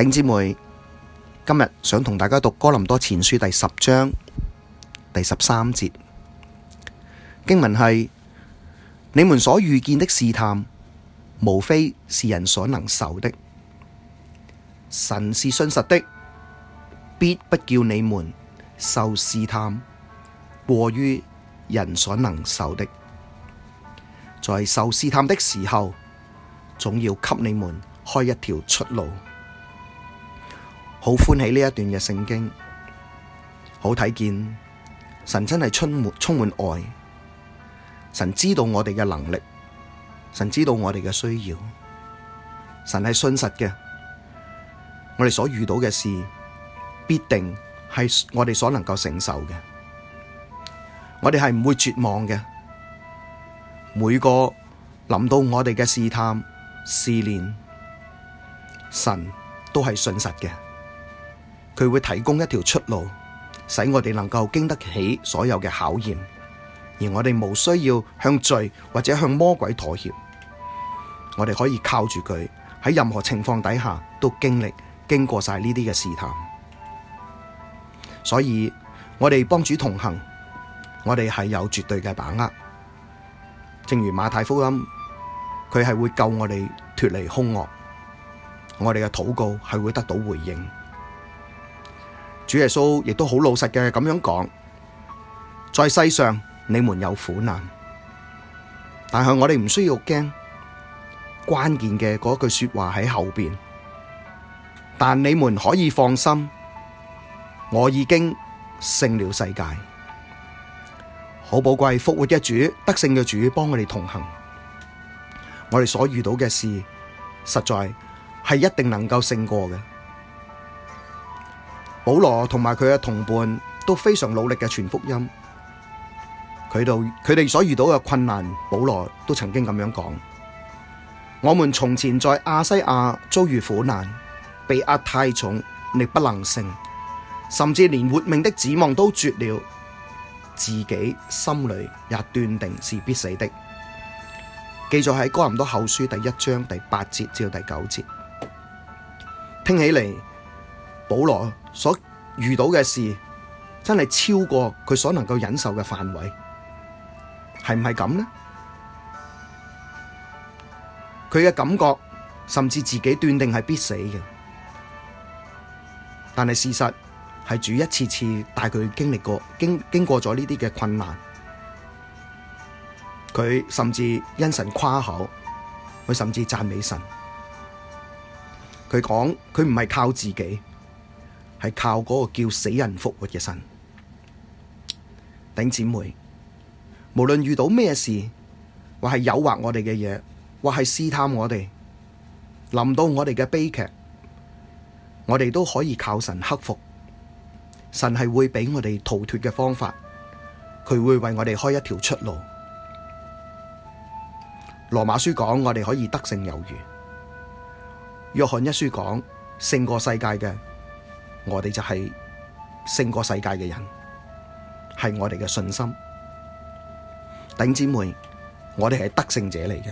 弟兄姊妹，今日想同大家讀哥林多前書第十章第十三節。經文，係你們所遇見的試探，無非是人所能受的。神是信實的，必不叫你們受試探，過於人所能受的。在受試探的時候，總要給你們開一條出路。好歡喜呢一段嘅聖經，好睇見神真係充滿充滿愛，神知道我哋嘅能力，神知道我哋嘅需要，神係信實嘅，我哋所遇到嘅事，必定係我哋所能夠承受嘅，我哋係唔會絕望嘅，每個臨到我哋嘅試探試煉，神都係信實嘅。佢會提供一條出路，使我哋能夠經得起所有嘅考驗，而我哋冇需要向罪或者向魔鬼妥協。我哋可以靠住佢喺任何情況底下都經歷經過晒呢啲嘅試探。所以，我哋幫主同行，我哋係有絕對嘅把握。正如馬太福音，佢係會救我哋脫離凶惡，我哋嘅禱告係會得到回應。主耶穌亦都好老實嘅，咁樣講：在世上你們有苦難，但係我哋唔需要驚。關鍵嘅嗰句說話喺後邊，但你們可以放心，我已經勝了世界。好寶貴復活嘅主，得勝嘅主，幫我哋同行。我哋所遇到嘅事，實在係一定能夠勝過嘅。保羅同埋佢嘅同伴都非常努力嘅傳福音。佢哋佢哋所遇到嘅困難，保羅都曾經咁樣講：我們從前在亞西亞遭遇苦難，被壓太重，力不能勝，甚至連活命的指望都絕了，自己心裏也斷定是必死的。記載喺哥林多後書第一章第八節至到第九節，聽起嚟。保羅所遇到嘅事，真係超過佢所能夠忍受嘅範圍，係唔係咁呢？佢嘅感覺甚至自己斷定係必死嘅，但係事實係主一次次帶佢經歷過，經經過咗呢啲嘅困難，佢甚至因神誇口，佢甚至讚美神，佢講佢唔係靠自己。係靠嗰個叫死人復活嘅神，頂姊妹，無論遇到咩事，或係誘惑我哋嘅嘢，或係試探我哋，臨到我哋嘅悲劇，我哋都可以靠神克服。神係會畀我哋逃脱嘅方法，佢會為我哋開一條出路。羅馬書講我哋可以得勝有餘，約翰一書講勝過世界嘅。我哋就係勝過世界嘅人，係我哋嘅信心，頂姊妹，我哋係得勝者嚟嘅，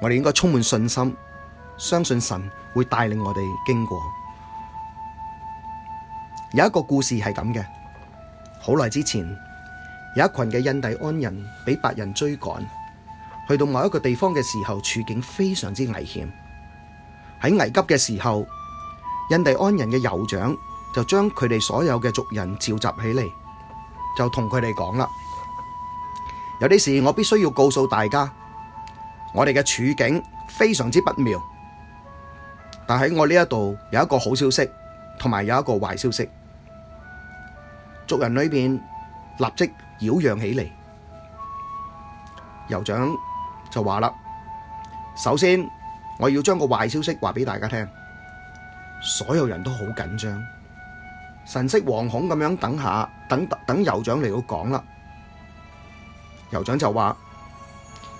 我哋應該充滿信心，相信神會帶領我哋經過。有一個故事係咁嘅，好耐之前有一群嘅印第安人俾白人追趕，去到某一個地方嘅時候，處境非常之危險。喺危急嘅時候。印第安人嘅酋長就將佢哋所有嘅族人召集起嚟，就同佢哋講啦：有啲事我必須要告訴大家，我哋嘅處境非常之不妙。但喺我呢一度有一個好消息，同埋有一個壞消息。族人裏邊立即擾攘起嚟。酋長就話啦：首先我要將個壞消息話畀大家聽。所有人都好緊張，神色惶恐咁樣等下，等等酋長嚟到講啦。酋長就話：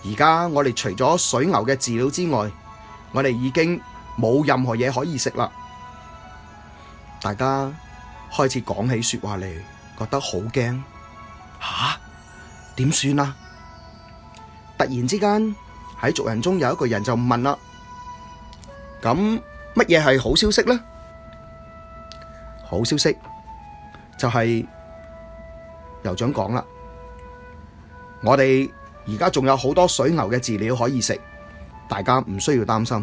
而家我哋除咗水牛嘅飼料之外，我哋已經冇任何嘢可以食啦。大家開始講起說話嚟，覺得好驚。吓、啊？點算啊？突然之間喺族人中有一個人就問啦，咁。乜嘢係好消息咧？好消息就係酋長講啦，我哋而家仲有好多水牛嘅飼料可以食，大家唔需要擔心。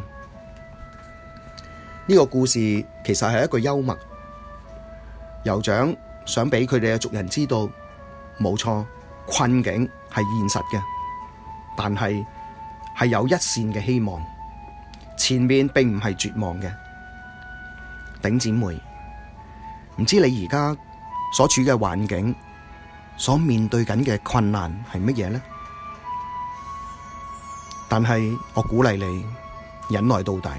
呢、這個故事其實係一個幽默，酋長想畀佢哋嘅族人知道，冇錯，困境係現實嘅，但係係有一綫嘅希望。前面並唔係絕望嘅，頂姊妹，唔知你而家所處嘅環境，所面對緊嘅困難係乜嘢呢？但係我鼓勵你忍耐到底，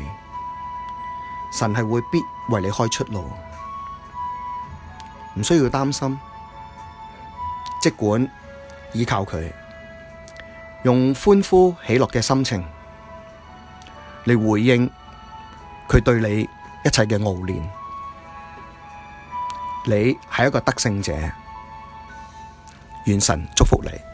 神係會必為你開出路，唔需要擔心。即管依靠佢，用歡呼喜樂嘅心情嚟回應佢對你一切嘅熬練，你係一個得勝者，願神祝福你。